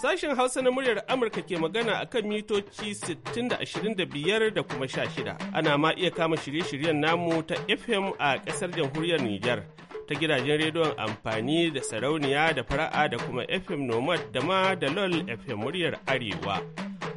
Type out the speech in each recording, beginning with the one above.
Sashen Hausa na muryar Amurka ke magana a kan mitoci 60 da kuma shida, Ana ma iya kama shirye-shiryen namu ta FM a ƙasar jamhuriyar Nijar ta gidajen rediyon amfani da sarauniya da fara'a da kuma FM Nomad da ma da LOL FM muryar Arewa.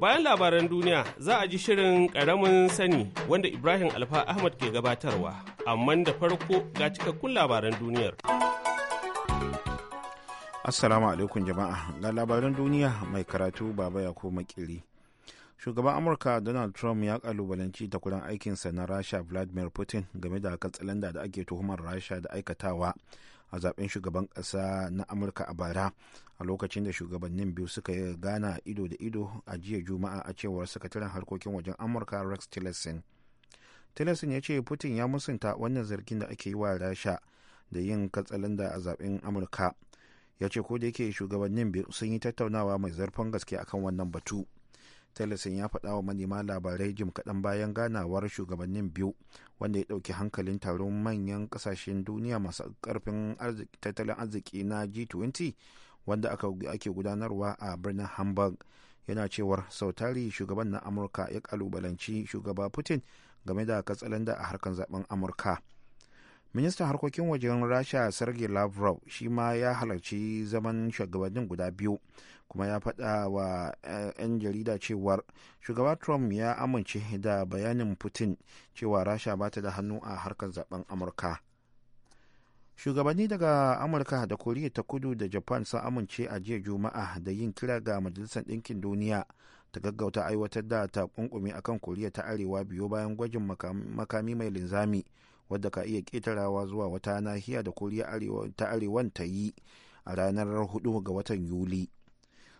Bayan labaran duniya za a ji shirin karamin sani wanda Ibrahim Alfa Ahmad ke gabatarwa, amma da farko ga cikakkun labaran duniyar. Assalamu alaikum jama'a ga labaran duniya mai karatu baba ya ko makiri. Shugaban Amurka Donald Trump ya kalubalanci takwaran aikinsa na Rasha Vladimir Putin game da katsalanda da ake tuhumar Rasha da aikatawa a zaben shugaban ƙasa na amurka a bara a lokacin da shugabannin biyu suka yi gana ido da ido a jiya juma'a a cewar sakataren harkokin wajen amurka rex tillerson tillerson ya ce putin ya musunta wannan zargin da ake yi wa rasha da yin katsalanda a zaben amurka ya ce ko da yake shugabannin biyu sun yi tattaunawa mai zarfin gaske akan wannan batu. tillerson ya faɗa wa manema labarai jim kaɗan bayan ganawar shugabannin biyu wanda ya ɗauki hankalin taron manyan ƙasashen duniya masu ƙarfin tattalin arziki na g20 wanda ake gudanarwa a birnin hamburg yana cewar sautari shugaban na amurka ya ƙalubalanci shugaba putin game da katsalanda a harkar zaben amurka. ministan harkokin wajen rasha sergei lavrov shi ma ya halarci zaman shugabannin guda biyu kuma ya faɗa wa eh, 'yan jarida cewa shugaba trump ya amince da bayanin putin cewa rasha ba ta da hannu a harkar zaben amurka shugabanni daga amurka da koriya ta kudu da japan sun amince a jiya juma'a da yin kira ga majalisar ɗinkin duniya ta gaggauta aiwatar da ta takunkumi akan koriya ta arewa biyo bayan gwajin makami mai linzami wadda ka iya ƙetarawa zuwa wata nahiya da koriya ta arewan ta yi a ranar 4 ga watan yuli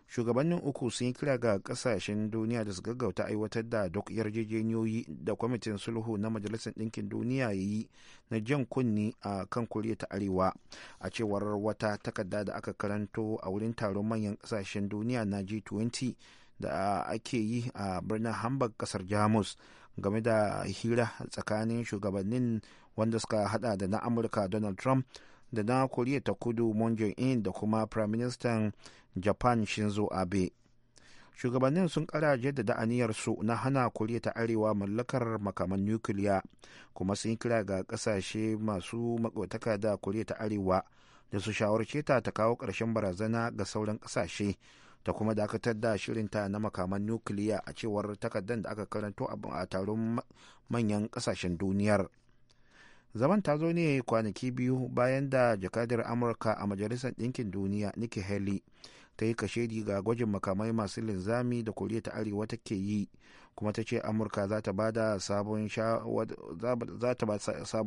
shugabannin uku sun yi kira ga kasashen duniya da su gaggauta aiwatar da duk yarjejeniyoyi da kwamitin sulhu na majalisar ɗinkin duniya ya yi na jan kunni a kan koriya ta arewa a cewar wata takarda da aka karanto a wurin taron manyan kasashen duniya na g20 da ake yi a birnin hamburg kasar jamus game da hira tsakanin shugabannin wanda suka hada da na amurka donald trump da na koriya ta kudu moon in da kuma prime minister japan shinzo abe shugabannin sun kara jaddada su na hana koriya ta arewa mallakar makaman nukiliya kuma sun kira ga kasashe masu makwataka da koriya ta arewa da su shawarce ta ta kawo ƙarshen barazana ga sauran ƙasashe ta kuma dakatar da shirinta na makaman nukiliya a cewar takardar da aka karanto a taron manyan kasashen duniyar zaman ta zo ne kwanaki biyu bayan da jakadar amurka a majalisar ɗinkin duniya nikki haley ta yi kashedi ga gwajin makamai masu linzami da koriya ta arewa take yi kuma ta ce amurka za ta ba da sabon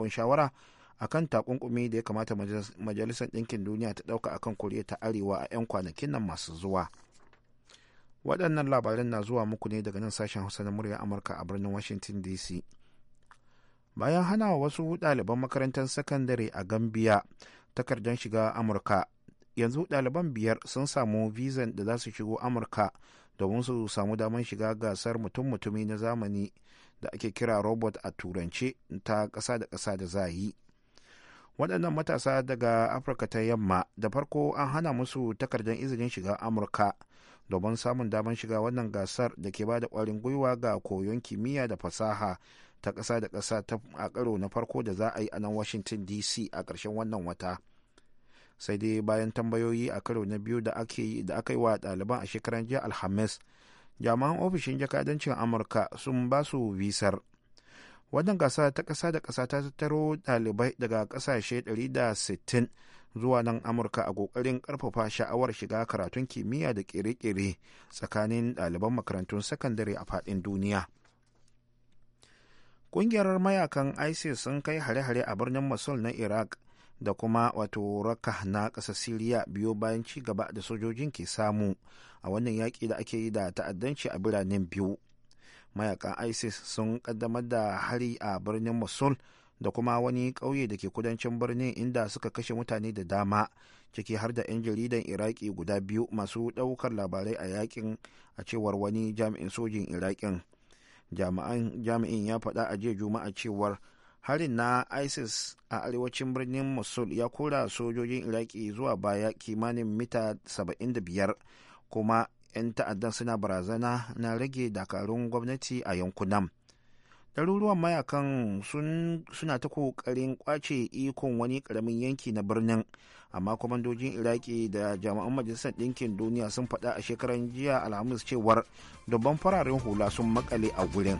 shawara akan takunkumi da ya kamata majalisar ɗinkin duniya ta ɗauka akan koriya ta arewa a 'yan kwanakin nan masu zuwa waɗannan labaran na zuwa muku ne daga nan sashen hausa na murya amurka a birnin washington dc bayan hana wasu ɗaliban makarantar sakandare a gambia takardar shiga amurka yanzu ɗaliban biyar sun samu vizan da za su shigo amurka domin su samu damar shiga gasar mutum-mutumi na zamani da ake kira robot a turance ta ƙasa da ƙasa da za yi waɗannan matasa daga afirka ta yamma da farko an hana musu takardar izinin shiga amurka domin samun damar shiga wannan gasar da ke ba da kwarin gwiwa ga koyon kimiyya da fasaha ta ƙasa da ƙasa a karo na farko da za a yi a nan washington dc a ƙarshen wannan wata sai dai bayan tambayoyi a karo na biyu da aka yi wa ɗaliban a shekaran jiya alhamis jami'an ofishin jakadancin amurka sun ba su visar wannan gasa ta ƙasa da ƙasa ta tattaro ɗalibai daga ƙasashe 160 zuwa nan amurka a kokarin karfafa sha'awar shiga karatun kimiyya da kere-kere tsakanin ɗaliban makarantun sakandare a faɗin duniya ƙungiyar mayakan isis sun kai hare-hare a birnin mosul na iraq da kuma wato raka na ƙasar siriya biyo bayan ci gaba da sojojin ke samu a wannan yaƙi da ake yi da ta'addanci a biranen biyu mayakan isis sun ƙaddamar da hari a birnin mosul da kuma wani ƙauye da ke kudancin birnin inda suka kashe mutane da dama ciki har da 'yan jaridan iraki guda biyu masu ɗaukar labarai a yakin a cewar wani jami'in sojin irakin jami'in ya faɗa a jiya juma'a cewar harin na isis a arewacin birnin mosul ya kora sojojin iraki zuwa baya kimanin mita 75 kuma 'yan ta'addan suna barazana na rage dakarun gwamnati a yankunan. ɗaruruwan mayakan suna ta ƙoƙarin ƙwace ikon wani karamin yanki na birnin amma kwamandojin iraki da jami'an majalisar ɗinkin duniya sun faɗa a shekaran jiya alhamis cewar dubban fararen hula sun makale a gurin.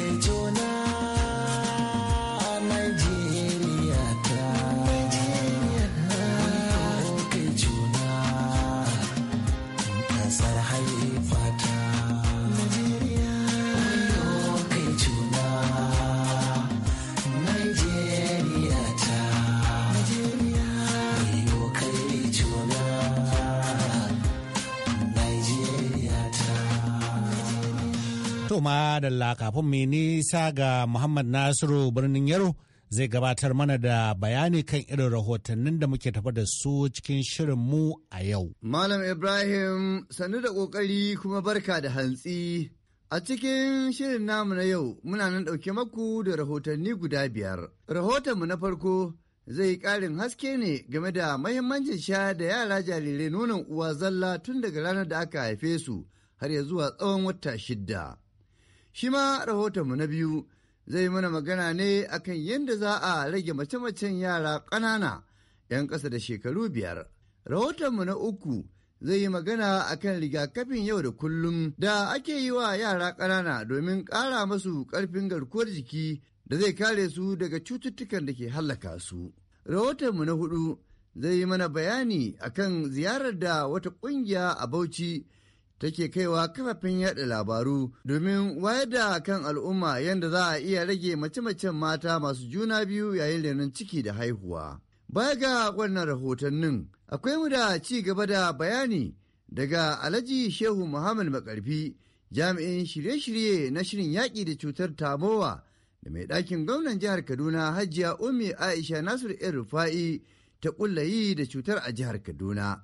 To ma da kafin mai nisa ga Muhammad Nasiru birnin Yaro zai gabatar mana da bayani kan irin rahotannin da muke tafa da su cikin shirin mu a yau. Malam Ibrahim sannu da ƙoƙari kuma barka da hantsi. A cikin shirin namu na yau muna nan ɗauke maku da rahotanni guda biyar. Rahotonmu na farko zai ƙarin haske ne game da mahimmancin sha da yara jarirai nonon uwa zalla tun daga ranar da aka haife su har ya zuwa tsawon wata shidda. Shi ma rahotonmu na biyu zai mana magana ne akan yadda za a rage mace-macen yara ƙanana 'yan ƙasa da shekaru biyar. Rahotonmu na uku zai yi magana akan rigakafin yau da kullum da ake yi wa yara ƙanana domin ƙara masu ƙarfin garkuwar jiki da zai kare su daga cututtukan da ke hallaka su. Rahotonmu na hudu zai yi mana bayani akan ziyarar da wata ƙungiya a Bauchi take kaiwa kafafen yada labaru domin wayar da kan al'umma yadda za a iya rage mace-macen mata masu juna biyu yayin renon ciki da haihuwa. Baya ga wannan rahotannin akwai mu da ci gaba da bayani daga Alhaji Shehu Muhammad Makarfi jami'in shirye-shirye na shirin yaƙi da cutar tamowa da mai ɗakin gwamnan jihar Kaduna Hajiya Umi Aisha Nasiru El Rufa'i ta ƙullayi da cutar a jihar Kaduna.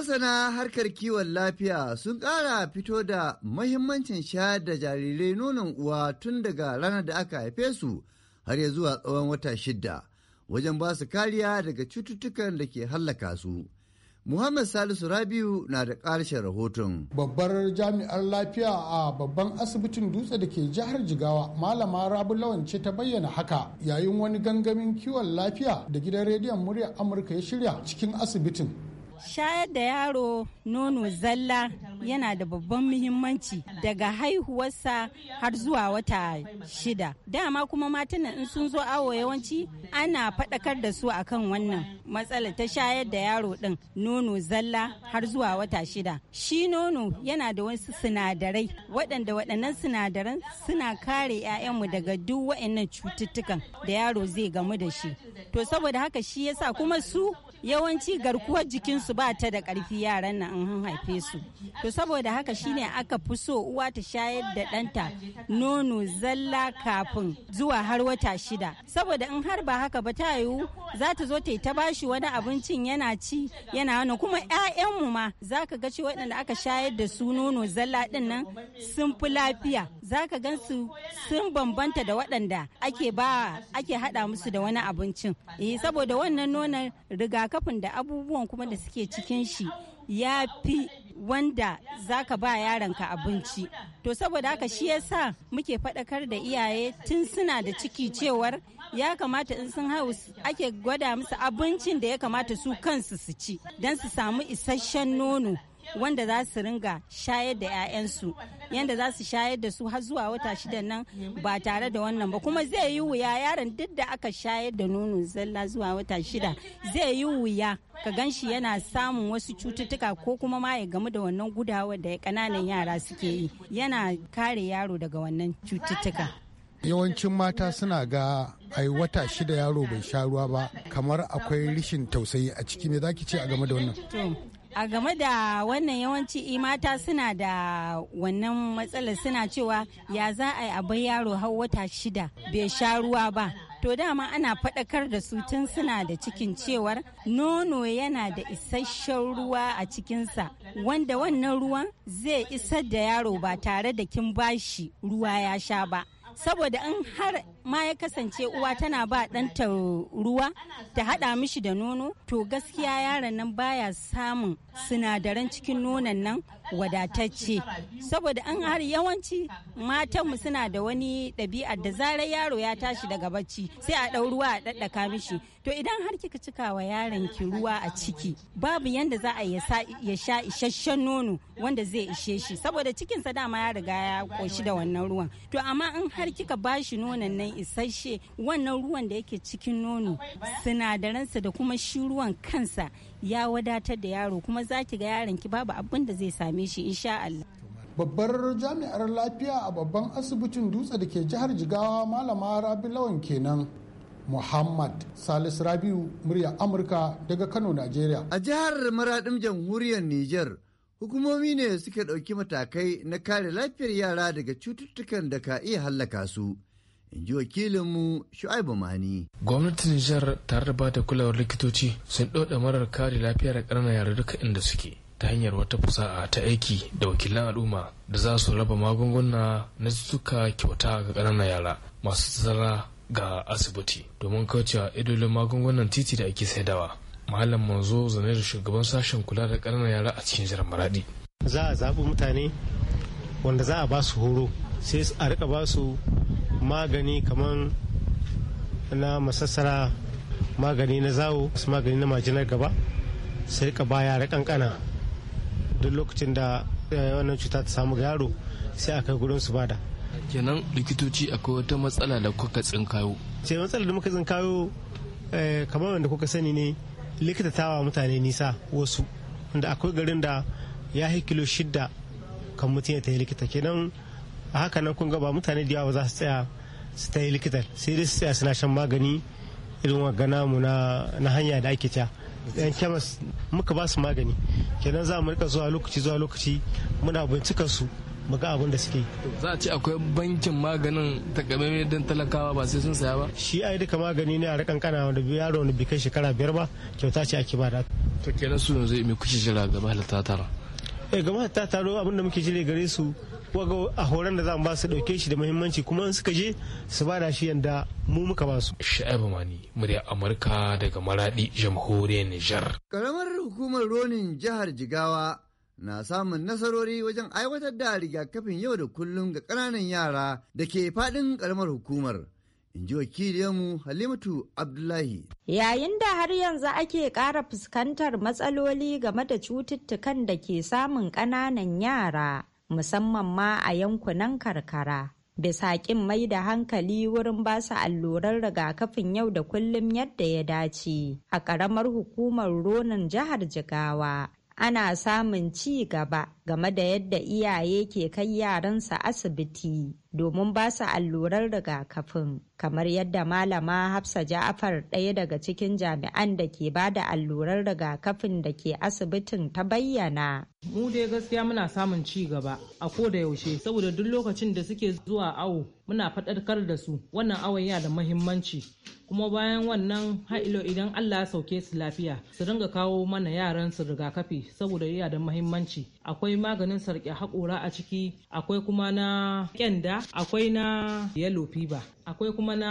Masana harkar kiwon lafiya sun ƙara fito da mahimmancin shayar da jarirai nonon uwa tun daga ranar da aka haife su har ya zuwa tsawon wata shidda wajen ba su kariya daga cututtukan da ke hallaka su. Muhammad Salisu Rabiu na da ƙarshen rahoton. Babbar jami'ar lafiya a babban asibitin dutse da ke jihar Jigawa, Malama Rabu Lawan ce ta bayyana haka yayin wani gangamin kiwon lafiya da gidan rediyon muryar Amurka ya shirya cikin asibitin. Shayar da yaro nono zalla yana da babban muhimmanci daga haihuwarsa har zuwa wata shida. Dama kuma matan in sun zo awo yawanci ana faɗakar da su akan wannan matsala ta shayar da yaro ɗin nono zalla har zuwa wata shida. Shi nono yana da wasu sinadarai waɗanda waɗannan sinadaran suna kare 'ya'yanmu daga duk waɗannan cututtukan da yaro zai gamu da shi. To saboda haka shi yasa kuma su yawanci garkuwar jikinsu ba ta da ƙarfi yaran nan an haife su to saboda haka shine aka fi so uwa ta shayar da ɗanta nono zalla kafin zuwa har wata shida saboda in har ba haka ba ta yiwu za ta zo ta yi ta bashi wani abincin yana ci yana wani kuma 'ya'yanmu ma za ka ga cewa waɗanda aka shayar da su nono zalla ɗin nan sun fi lafiya za ka gan su sun bambanta da waɗanda ake ba ake haɗa musu da wani abincin e saboda wannan nonon riga rigakafin da abubuwan kuma da suke cikin shi ya fi wanda zaka ka ba ka abinci to saboda haka shi yasa muke faɗakar da iyaye tun suna da ciki cewar ya kamata in sun haihu ake gwada musu abincin da ya kamata su kansu su ci don su samu isasshen nono wanda za su ringa shayar da 'ya'yansu yanda za su shayar da su har zuwa wata shida nan ba tare da wannan ba kuma zai yi wuya yaron duk da aka shayar da nono zalla zuwa wata shida zai yi wuya ka gan shi yana samun wasu cututtuka ko kuma ma ya gamu da wannan gudawa da kananan yara suke yi yana kare yaro daga wannan cututtuka yawancin mata suna ga ai wata shida yaro bai sha ruwa ba kamar akwai rishin tausayi a ciki ne zaki ce a game da wannan a game da wannan yawanci mata suna da wannan matsalar suna cewa ya za a yi abin yaro har wata shida bai sha ruwa ba to dama ana faɗakar da su tun suna da cikin cewar nono yana da isasshen ruwa a cikinsa wanda wannan ruwan zai isar da yaro ba tare da kin bashi ruwa ya sha ba saboda in har ma ya kasance uwa tana ba ɗanta ruwa ta haɗa mishi da nono to gaskiya yaron nan baya samun sinadaran cikin nonon nan wadatacce saboda an har yawanci matanmu suna da wani ɗabi'a da zarar yaro ya tashi daga bacci sai a ɗau ruwa a ɗaɗɗaka mishi to idan har kika cika wa yaron ki ruwa a ciki babu yanda za a ya sha isasshen nono wanda zai ishe shi saboda cikinsa dama ya riga ya ƙoshi da wannan ruwan to amma in har kika bashi nonon nan ruwan isasshe wannan ruwan da yake cikin nono sinadaransa da kuma shi ruwan kansa ya wadatar da yaro kuma za ki ga yaron ki babu abin da zai same shi insha Allah. Babbar jami'ar lafiya a babban asibitin dutse da ke jihar Jigawa malama Rabi Lawan kenan. Muhammad Salis Rabiu murya Amurka daga Kano, nigeria. A jihar Maradin Jamhuriyar niger hukumomi ne suka ɗauki matakai na kare lafiyar yara daga cututtukan da ka iya hallaka su. in ji wakilinmu shu'aibu mani. gwamnatin nijar tare da bata kulawar likitoci sun ɗauɗa marar kare lafiyar ƙananan yara duka inda suke ta hanyar wata fasaha ta aiki da wakilan al'umma da za su raba magunguna na suka kyauta ga ƙananan yara masu tsara ga asibiti domin kaucewa idolin magungunan titi da ake saidawa malam manzo zane da shugaban sashen kula da ƙananan yara a cikin jiran maradi za a zaɓi mutane wanda za a ba su horo sai a rika ba su magani kamar na masassara magani na zawo su magani na majinar gaba sai ka baya da kankana duk lokacin da eh, wannan cuta ta samu yaro sai a kai gudun su bada kenan likitoci akwai wata matsala da kuka tsinkayo ce matsala da muka tsinkayo eh, kamar wanda kuka sani ne likita tawa mutane nisa wasu wanda akwai garin da ya kilo shidda kan mutum ya ta yi likita kenan a haka nan kun ga ba mutane da yawa ba za su tsaya su ta yi likitan sai dai su tsaya suna shan magani irin wa mu na hanya da ake ta yan kemis muka ba su magani kenan za mu rika zuwa lokaci zuwa lokaci muna bincika su mu ga abin da suke za a ce akwai bankin maganin takamaimai don talakawa ba sai sun saya ba shi ai duka magani ne a rikan kana wanda yaro ne bai kai shekara biyar ba kyauta ce ake da to kenan su yanzu mai kuke jira gaba da ta tara eh gaba da ta taro abin da muke jire gare su waga a horon da za mu ba su dauke shi da muhimmanci kuma in suka je su ba da shi yanda mu muka ba su sha'ibu mani murya amurka daga maraɗi jamhuriyar nijar karamar hukumar ronin jihar jigawa na samun nasarori wajen aiwatar da rigakafin yau da kullum ga ƙananan yara da ke faɗin karamar hukumar in ji wakiliyarmu halimatu abdullahi yayin da har yanzu ake ƙara fuskantar matsaloli game da cututtukan da ke samun ƙananan yara musamman ma a yankunan karkara. Bisa ƙin mai da hankali wurin ba su alluran rigakafin yau da kullum yadda ya dace a ƙaramar hukumar Ronin jihar Jigawa. Ana samun ci gaba game da yadda iyaye ke kai yaransa asibiti domin ba su allurar rigakafin kamar yadda malama hafsa ja'afar ɗaya daga cikin jami'an da ke ba da allurar rigakafin da ke asibitin ta bayyana mu dai gaskiya muna samun ci gaba a ko da yaushe saboda duk lokacin da suke zuwa awo muna faɗarkar da su wannan awon yana da mahimmanci kuma bayan wannan ha'ilo idan allah ya sauke su lafiya su dinga kawo mana yaran su rigakafi saboda yana da mahimmanci akwai maganin sarƙe haƙora a ciki akwai kuma na kyanda, akwai na yellow fever akwai kuma na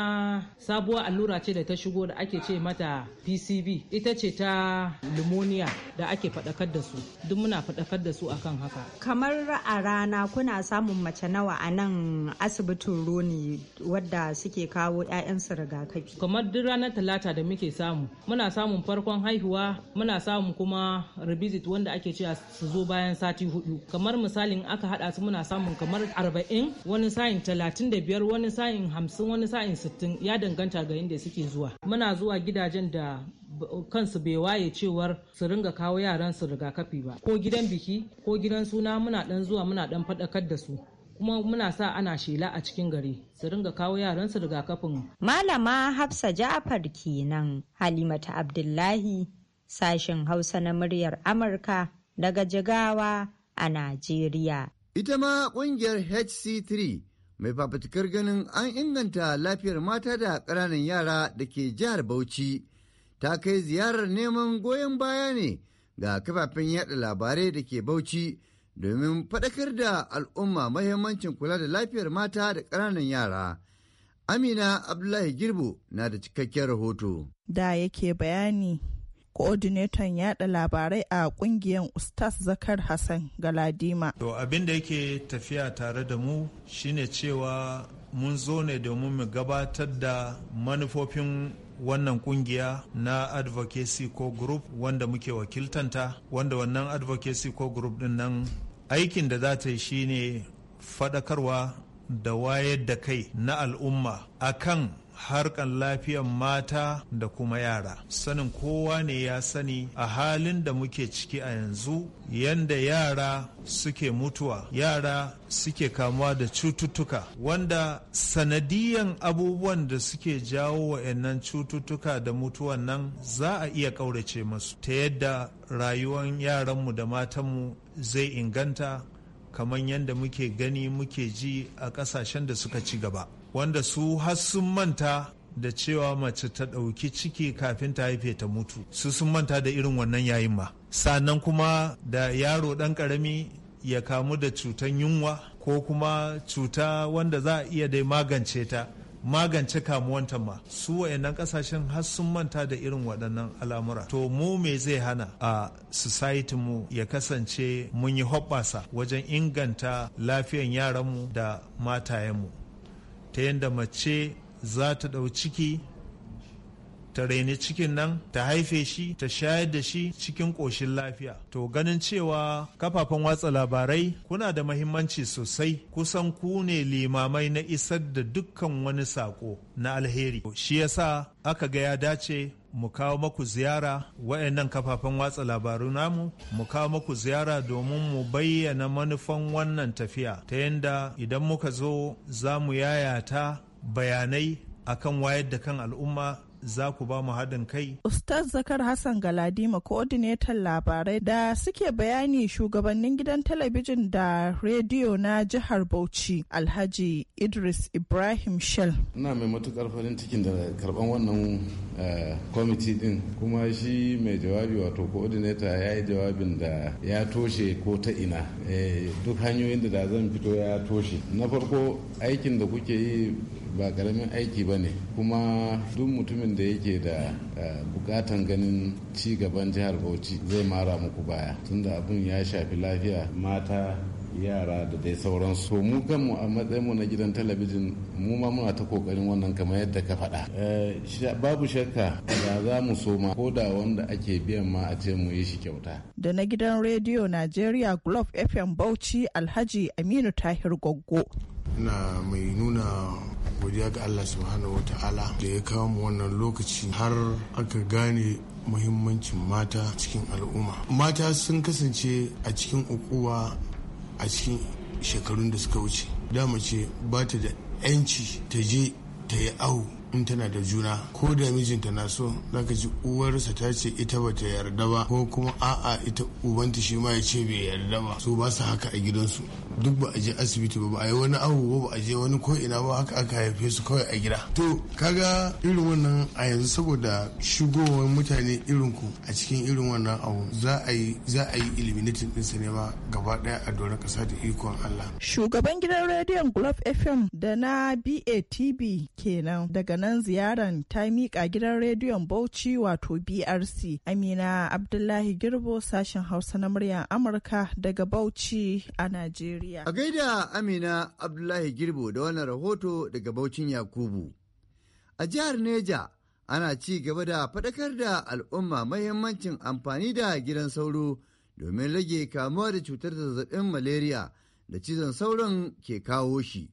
sabuwar allura ce da ta shigo da ake ce mata pcb ita ce ta limoniya da ake faɗakar da su duk muna faɗakar da su akan haka kamar a rana kuna samun mace nawa a nan asibitin roni wadda suke kawo 'ya'yansu rigakafi kamar duk ranar talata da muke samu muna samun farkon haihuwa muna samun kuma revisit wanda ake ce su zo bayan sati hudu kamar misalin aka hada su muna samun kamar arba'in wani sa'in talatin wani sa'in hamsin wani sa'in sittin ya danganta ga inda suke zuwa muna zuwa gidajen da kansu bai waye cewar su ringa kawo yaran su rigakafi ba ko gidan biki ko gidan suna muna dan zuwa muna dan faɗakar da su kuma muna sa ana shela a cikin gari su ringa kawo yaran su rigakafin malama hafsa ja'far kenan halimata abdullahi sashen hausa na muryar amurka daga jigawa a najeriya ita ma kungiyar hc3 mai fafutukar ganin an inganta lafiyar mata da ƙananan yara da ke jihar Bauchi ta kai ziyarar neman goyon baya ne ga kafafen yaɗa labarai da ke Bauchi domin faɗakar da al'umma mahimmancin kula da lafiyar mata da ƙananan yara. Amina Abdullahi Girbu na da cikakken rahoto. Da yake bayani coordinator yada labarai a kungiyar Ustaz Zakar Hassan Galadima. To abin da yake tafiya tare da mu shine cewa mun zo ne domin mu gabatar da manufofin wannan kungiya na advocacy ko group wanda muke wakiltanta wanda wannan advocacy ko group din nan aikin da za ta yi shine fadakarwa da wayar da kai na al'umma akan harkan lafiyan mata da kuma yara sanin kowa ne ya sani a halin da muke ciki a yanzu yanda yara suke mutuwa yara suke kamuwa da cututtuka wanda sanadiyan abubuwan da suke jawo wa'annan cututtuka da mutuwan nan za a iya ƙaurace masu ta yadda rayuwan yaranmu da matanmu zai inganta kamar yadda muke gani muke ji a ƙasashen da suka ci gaba wanda su har sun manta da cewa mace ta ɗauki ciki kafin ta haife ta mutu su sun manta da irin wannan yayin ma sannan kuma da yaro ɗan ƙarami ya kamu da cutan yunwa ko kuma cuta wanda za a iya dai magance ta magance kamuwanta ma su wayannan ƙasashen har sun manta da irin waɗannan al'amura to mu me zai hana a society mu ya kasance mun yi hoɓɓasa wajen inganta lafiyan yaranmu da matayenmu ta yadda mace za ta ɗau ciki ta raini cikin nan ta haife shi ta shayar da shi cikin ƙoshin lafiya to ganin cewa kafafen watsa labarai kuna da mahimmanci sosai kusan ku ne limamai na isar da dukkan wani sako na alheri shi yasa aka ga ya dace mu kawo maku ziyara waɗannan kafafen watsa labaru namu mu kawo maku ziyara domin mu bayyana manufan wannan tafiya ta yadda idan muka zo za mu yayata bayanai akan wayar da kan al'umma za ku ba mu haɗin kai. Ustaz Zakar Hassan Galadima coordinator labarai da suke bayani shugabannin gidan talabijin da rediyo na jihar Bauchi Alhaji Idris Ibrahim Shell. Ina mai matukar farin cikin da karban wannan eh, kwamiti ɗin kuma shi mai jawabi wato coordinator ya yi jawabin da ya toshe ko ta ina eh, duk hanyoyin da zan fito ya toshe. Na farko aikin da kuke yi ba karamin aiki ba ne kuma duk mutumin da yake da bukatan ganin ci gaban jihar bauchi zai mara muku baya tunda abin ya shafi lafiya mata yara da dai sauran so mu kanmu a matsayin mu na gidan talabijin mu ma muna ta kokarin wannan kamar yadda ka faɗa babu shakka da za mu so ma ko da wanda ake biyan ma a ce mu yi shi kyauta da na gidan rediyo Najeriya Glove FM Bauchi Alhaji Aminu Tahir Goggo ina mai nuna godiya ga Allah subhanahu ta'ala da ya kawo mu wannan lokaci har aka gane muhimmancin mata cikin al'umma mata sun kasance a cikin ukuwa a cikin shekarun da suka wuce dama ce ba ta da 'yanci ta je ta yi awu in tana da juna ko da mijinta na so zaka ji uwarsa ta ce ita bata yarda ba ko kuma a'a ita ubanta shi ma ya ce bai yarda ba su ba su haka a gidansu duk ba a je asibiti ba ba a yi wani abu ba ba a je wani ko ina ba haka aka haife su kawai a gida to kaga irin wannan a yanzu saboda shigowar mutane irin ku a cikin irin wannan abu za a yi za a yi eliminating din ma. gaba daya a doron kasa da ikon Allah shugaban gidan rediyon Glove FM da na BATB kenan daga nan ziyaran ta miƙa gidan rediyon Bauchi wato BRC. Amina Abdullahi Girbo sashen Hausa na muryar Amurka daga Bauchi a Najeriya. A gaida Amina Abdullahi Girbo da wannan rahoto daga Bauchin Yakubu. A jihar Neja ana ci gaba da faɗakar da al'umma mahimmancin amfani da gidan sauro domin rage kamuwa da cutar zazzabin malaria da cizon sauron ke kawo shi.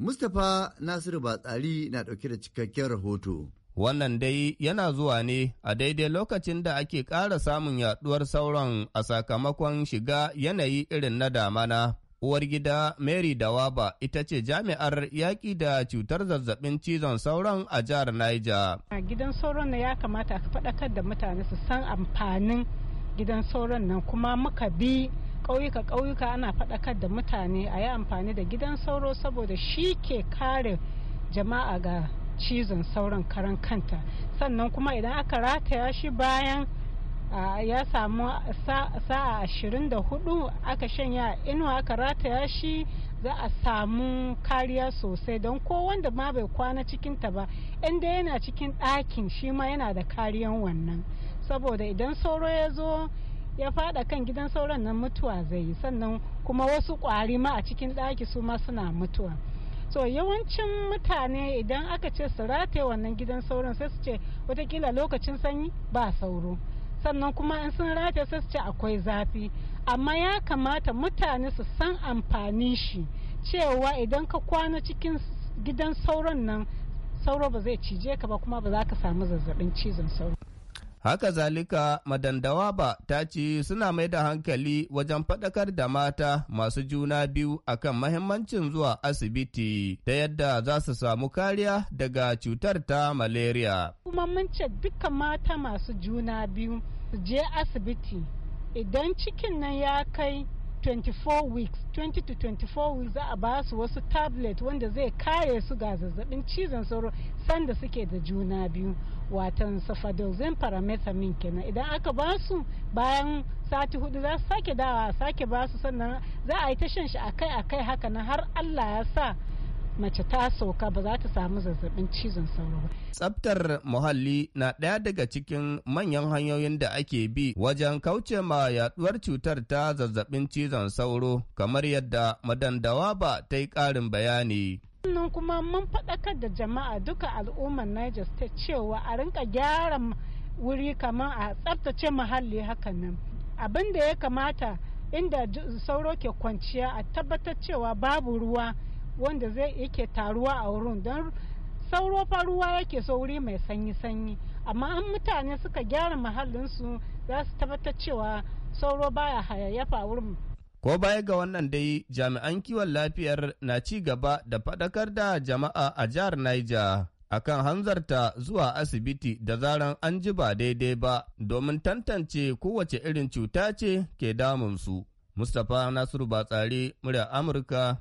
Mustapha Nasiru Batsari na ɗauke da cikakken rahoto. Wannan dai yana zuwa ne a daidai lokacin da ake ƙara samun yaɗuwar sauron a sakamakon shiga yanayi irin na damana. Uwar gida Mary Dawaba ita ce jami'ar yaƙi da cutar zazzabin cizon sauron a jihar Niger. Gidan sauron na ya kamata a faɗakar da mutane su san amfanin gidan sauron nan kuma muka bi ƙauyuka kauyuka ana faɗakar da mutane a yi amfani da gidan sauro saboda shi ke kare jama'a ga cizon sauran karan kanta sannan kuma idan aka rataya shi bayan ya samu sa'a ashirin da hudu aka shanya inuwa aka rataya shi za a samu kariya sosai don ko wanda ma bai kwana cikinta ba inda yana cikin ɗakin shi ma yana da kariyan wannan saboda idan sauro ya zo ya fada kan gidan sauran nan mutuwa zai yi sannan kuma wasu kwari ma a cikin ɗaki su ma suna mutuwa so yawancin mutane idan aka ce su rataye wannan gidan sauran sai su ce watakila lokacin sanyi ba sauro sannan kuma in sun rataye sai su ce akwai zafi amma ya kamata mutane su san amfani shi cewa idan ka kwana cikin gidan sauran nan sauro ba zai cije ka ba kuma ba za ka samu zazzabin cizon sauro Haka zalika madandawa ta ce suna mai da hankali wajen faɗakar da mata masu juna biyu akan mahimmancin zuwa asibiti ta yadda za su samu kariya daga cutar ta malaria. Kuma mun ce duka mata masu juna biyu su je asibiti idan cikin nan ya kai 24 weeks 20 to 24 weeks za a ba su wasu tablet wanda zai kare su ga zazzabin cizon sauro sanda suke da juna biyu watan safadoxin paramethamine kenan idan aka ba su bayan sati hudu za su sake dawa sake ba su sannan za a yi ta shan shi akai akai haka na har allah ya sa mace ta sauka ba za ta samu zazzabin cizon sauro ba. tsaftar muhalli na ɗaya daga cikin manyan hanyoyin da ake bi wajen kauce ma yaduwar cutar ta zazzabin cizon sauro kamar yadda madandawa ba ta yi ƙarin bayani. Sannan kuma mun faɗakar da jama'a duka al'ummar Niger State cewa a rinka gyara wuri kamar a tsaftace muhalli haka nan. Abin da ya kamata inda sauro ke kwanciya a tabbatar cewa babu ruwa wanda zai yake taruwa a wurin don sauro fa ruwa yake so wuri mai sanyi-sanyi amma an mutane suka gyara mahallinsu za su tabbatar cewa sauro baya hayayyafa wurin ko baya ga wannan dai jami'an kiwon lafiyar na ci gaba da fadakar da jama'a a jihar niger akan hanzarta zuwa asibiti da zaran an ji ba daidai ba domin tantance kowace irin cuta ce ke su mustapha nasiru batsari murya amurka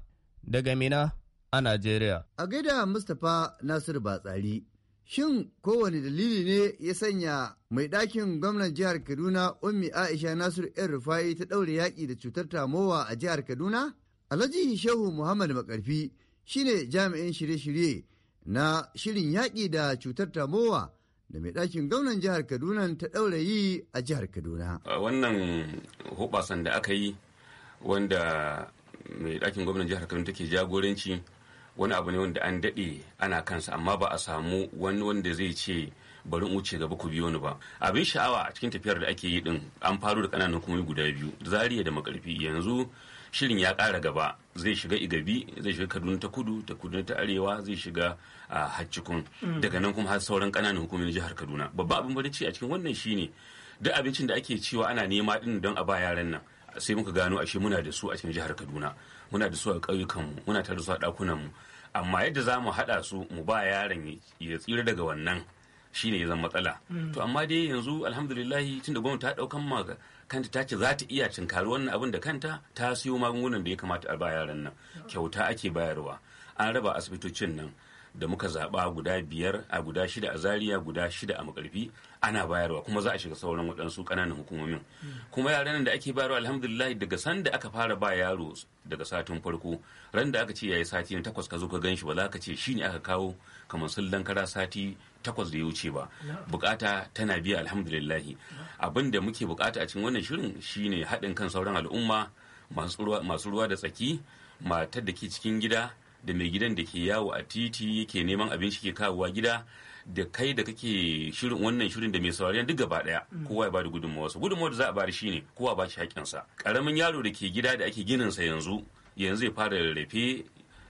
daga Mina a Najeriya. A gaida Mustapha Nasiru Batsari, shin kowane dalili ne ya sanya mai ɗakin gwamnan jihar Kaduna Ummi Aisha Nasiru ‘yan Rufai ta ɗaure yaƙi da cutar tamowa a jihar Kaduna? Alhaji Shehu Muhammad Makarfi shine jami'in shirye-shirye na shirin yaƙi da cutar tamowa. da mai ɗakin gwamnan jihar kaduna ta ɗaure yi a jihar kaduna wannan hubasan da aka yi wanda mai ɗakin gwamnan jihar Kaduna take jagoranci wani abu ne wanda an daɗe ana kansa amma ba a samu wani wanda zai ce bari in wuce gaba ku biyo ni ba abin sha'awa a cikin tafiyar da ake yi din an faru da kananan kuma guda biyu zariya da makarfi yanzu shirin ya ƙara gaba zai shiga igabi zai shiga kaduna ta kudu ta kudu ta arewa zai shiga a hajjikun mm. daga nan kuma har sauran kananan hukumomin jihar kaduna babban abin bari a cikin wannan shine duk abincin da ake cewa ana nema din don a ba yaran nan sai muka gano ashe muna da su a cikin jihar kaduna muna da su a mu muna tare da su a mu amma yadda za mu haɗa su mu ba yaron ya tsira daga wannan shine ya zama matsala mm. to amma dai yanzu tun tunda gwamnati ta ɗaukan ma kanta ta ce za ta iya cinkari wannan abin da kanta ta siyo magungunan da ya kamata a ba yaran nan mm. kyauta ake bayarwa an raba asibitocin nan da muka zaɓa guda biyar a guda shida a Zariya guda shida a makarfi ana bayarwa kuma za a shiga sauran waɗansu ƙananan hukumomin kuma yaran da ake bayarwa alhamdulillah daga sanda aka fara ba yaro daga satin farko ran da aka ce yayi sati na takwas ka zo ka gan shi ba za ka ce shi ne aka kawo kamar sun lankara sati takwas da ya wuce ba bukata tana biya alhamdulillah abin da muke bukata a cikin wannan shirin shi ne haɗin kan sauran al'umma masu ruwa da tsaki matar da ke cikin gida da mai gidan da ke yawo a titi yake neman abin shi ke kawowa gida da kai da kake shirin wannan shirin da mai saurari duk gaba daya mm. kowa ya bada gudunmawa su gudunmawa da za a bari shine kowa ba shi hakkin sa karamin yaro da ke gida da ake ginin sa yanzu yanzu ya fara rarrafe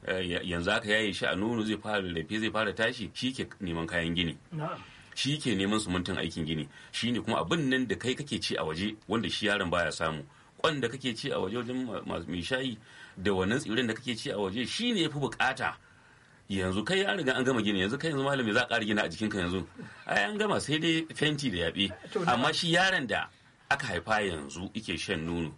eh, yanzu aka yaye shi a nono zai fara rarrafe zai fara tashi shi ke neman kayan gini shi ke neman sumuntin aikin gini shi ne kuma abin nan da kai kake ci a waje wanda shi yaron baya samu kwan da kake ci a waje wajen mai shayi da wannan tsirin da kake ci a waje shine yafi bukata yanzu kai an riga an gama gini yanzu kai yanzu malami za a ƙara gina a jikinka yanzu ai an gama sai dai fenti da yaɓe amma shi yaron da aka haifa yanzu ike shan nono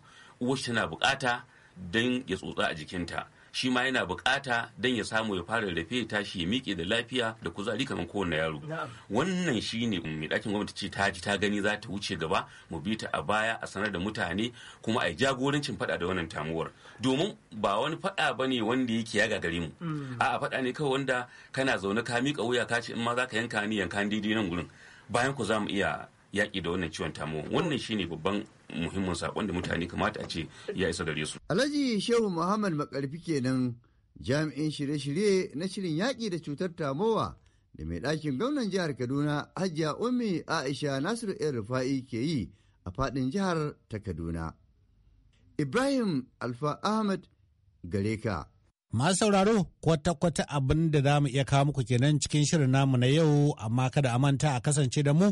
shi tana bukata don ya tsotsa a jikinta shi ma yana bukata don ya samu ya fara rafe ya tashi ya miƙe da lafiya da kuzari kamar kowane yaro wannan shine mai ɗakin gwamnati ce ta ji ta gani za ta wuce gaba mu bi ta a baya a sanar da mutane kuma a jagorancin faɗa da wannan tamuwar domin ba wani faɗa ba ne wanda yake ya gagare mu mm. a'a faɗa ne kawai wanda kana zaune ka miƙa wuya ka ce in ma za ka yanka ni yanka daidai nan gurin bayan ku za mu iya yaƙi da wannan ciwon tamuwar wannan shine babban muhimmin sakon da mutane kamata a ce ya isa gare su. Alhaji Shehu Muhammad Makarfi kenan jami'in shirye-shirye na shirin yaƙi da cutar tamowa da mai ɗakin gwamnan jihar Kaduna Hajiya Ummi Aisha Nasiru El Rufa'i ke yi a faɗin jihar ta Kaduna. Ibrahim Alfa Ahmed Gareka. Ma Masu sauraro kwata-kwata abin da za mu iya kawo muku kenan cikin shirin namu na yau amma kada a manta a kasance da mu